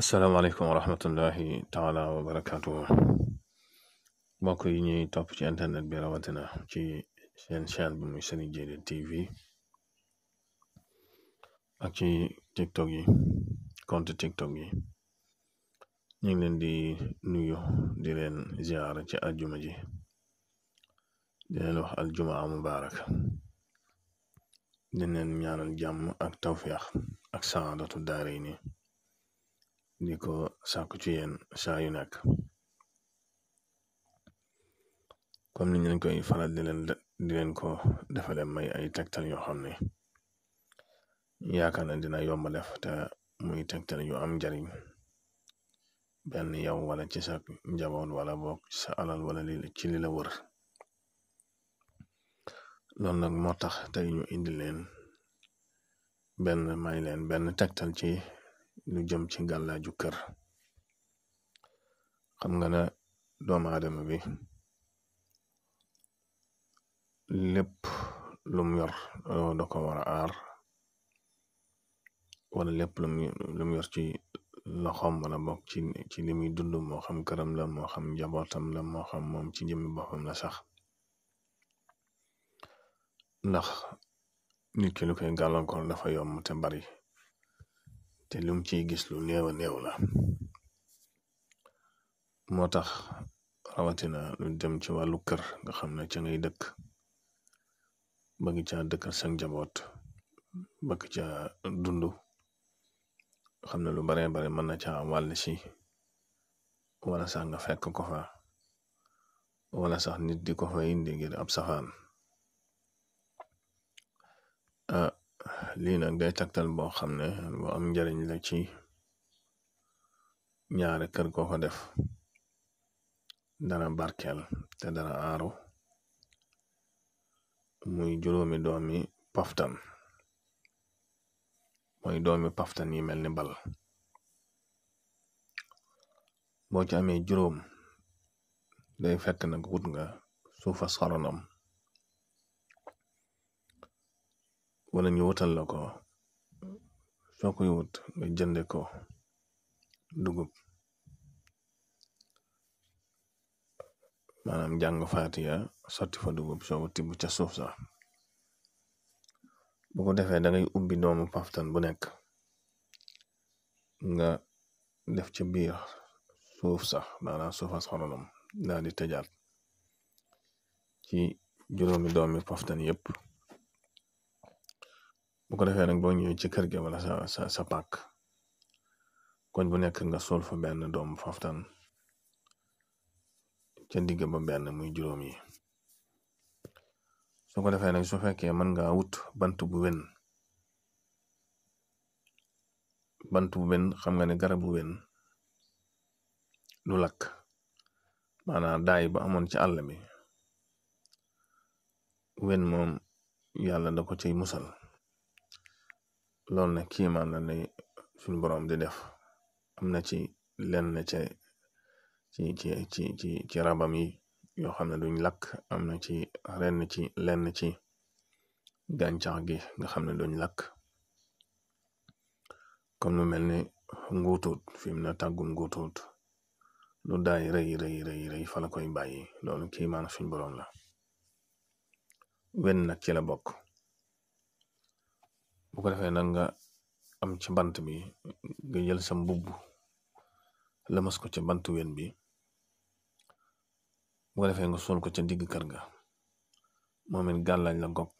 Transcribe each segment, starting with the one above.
asalaamaaleykum wa rahmatullahi taala wa barakaatu mbokk yi ñuy topp ci internet bi rawatina ci seen chaîne bi muy Serigne Djily TV ak ci tiktok yi compte tiktok yi ñu ngi leen di nuyu di leen ziar ci aljuma ji di leen wax aljumaa mubarak di leen ñaanal jàmm ak tawfiq ak saadatu daarayni di ko sàkku ci yéen saa yu nekk comme ni ñu leen koy faral di leen defa leen ko may ay tegtal yoo xam ne yaakaar na dina yomb def te muy tegtal yu am njariñ benn yow wala ci sa njaboot wala boog sa alal wala li ci li la wër loolu nag moo tax tey ñu indi leen benn may leen benn tektal ci lu jëm ci gàllaaju kër xam nga ne doomu bi lépp lu yor da ko war a aar wala lépp lu mu yor ci loxoom wala bokk ci ci li muy dund moo xam këram la moo xam njabootam la moo xam moom ci jëmmi boppam la sax ndax nit ki lu koy gàllankoor dafa yomb te bari te lum ci gis lu néew a néew la moo tax rawatina lu dem ci wàllu kër nga xam ne ci ngay dëkk ba ngi caa dëkkal sa njaboot ba ngi caa dund xam ne lu baree bare mën na caa wàll si wala sax nga fekk ko fa wala sax nit di ko fa indi ngir ab safaan. Ah, lii nag day tegtal boo xam ne am njariñ la ci ñaari kër ko def dana barkel te dana aaru muy juróomi doomi paftan mooy doomi paftan yi mel ni bal boo ci amee juróom day fekk nag wut nga suufa soronam wala ñu la ko soo koy nga jënde ko dugub maanaam jàng faatiya sotti fa dugub soo ko ca suuf sa bu ko defee da ngay ubbi doomu paftan bu nekk nga def ca biir suuf sax maanaam suufas xorolom daal di tëjaat ci juróomi doomi paftan yépp bu ko defee nag boo ñëwee ci kër gi wala sa sa sa pàkk koñ bu nekk nga sol fa benn doom faftan ca digg ba benn muy juróom soo ko defee nag soo fekkee mën nga wut bant bu wen bant bu wen xam nga ne garab bu wen du lakk maanaam daay ba amoon ci àll bi wen moom yàlla da ko ciy musal loolu nag kiimaan na ne suñu borom di def am na ci lenn ca ci ci ci ci ci rabam yi yoo xam ne duñ lakk am na ci renn ci lenn ci gàncax gi nga xam ne duñ lakk comme lu mel ni nguutuut fi mu ne tàggum nguutuut lu daay rëy rëy rëy rëy fa la koy bàyyi loolu kiimaan suñu borom la wenn nag ci la bokk bu ko defee nag nga am ci bant bi nga jël sa mbubb lëmas ko ci bantu ween bi bu ko defee nga sol ko ca digg kër ga moom it gàllaaj la gog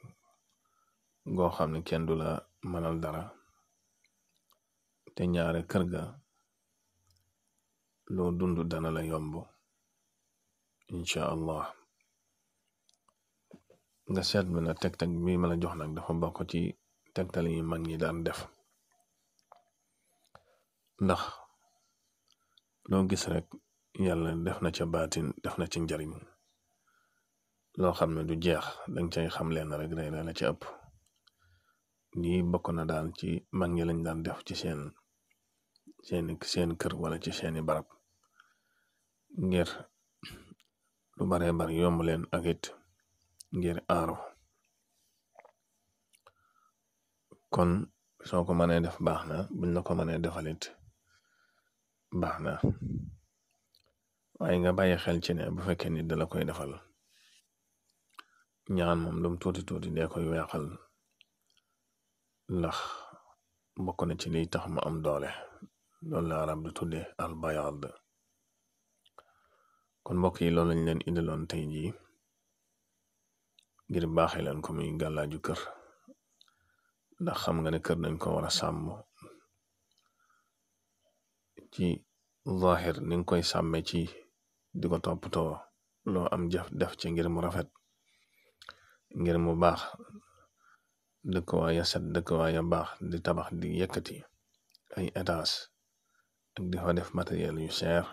goo xam ne kenn du la mënal dara te ñaare kër ga loo dund dana la yomb incha allah nga seet bi na teg teg bi ma a jox nag dafa ko ci tegtal yi mag ñi daan def ndax loo gis rek yàlla def na ca baatin def na ci njariñ loo xam ne du jeex danga cay xam leen rek day la ci ëpp nii bokk na daan ci mag ñi lañ daan def ci seen seen seen kër wala ci seeni barab ngir lu baree bari yomb leen ak it ngir kon soo ko mënee def baax na buñ la ko mënee defalit baax na waaye nga bàyyi xel ci ne bu fekkee nit dala koy defal ñaan moom lum tuuti tuuti dee koy weexal ndax bokk na ci liy tax mu am doole loolu la arab du tudde al bayaad kon mbokk yi loolu lañ leen indiloon tey jii ngir baaxe leen ko muy gàllaaju kër ndax xam nga ne kër dañ ko war a sàmm ci zahir ni nga koy sàmme ci di ko toppatoo loo am jaf def ci ngir mu rafet ngir mu baax dëkkuwaay ya set dëkkuwaay ya baax di tabax di yëkkati ay étage di fa def matériel yu cher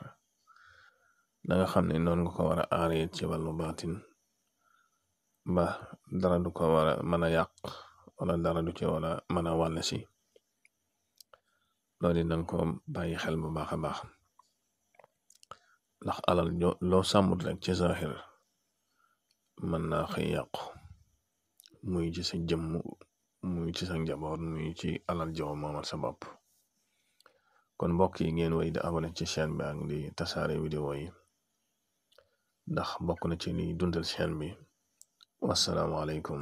da nga xam ne noonu nga ko war a aaree ci wàllu baatin ba dara du ko war a mën a yàq wala dara du ci wala man a wàll si loolu it nanga ko bàyyi xel bu baax a baax ndax alal loo sàmmut rek ci zaaxir mën naa xëy yàqu muy ci sa jëmm muy ci sa njaboot muy ci alal jow moomal sa bopp kon mbokk yi ngeen woy di abonné ci chaîne bi ak di tasaare vidéo yi ndax bokk na ci liy dundal chaîne bi wasalaamaaleykum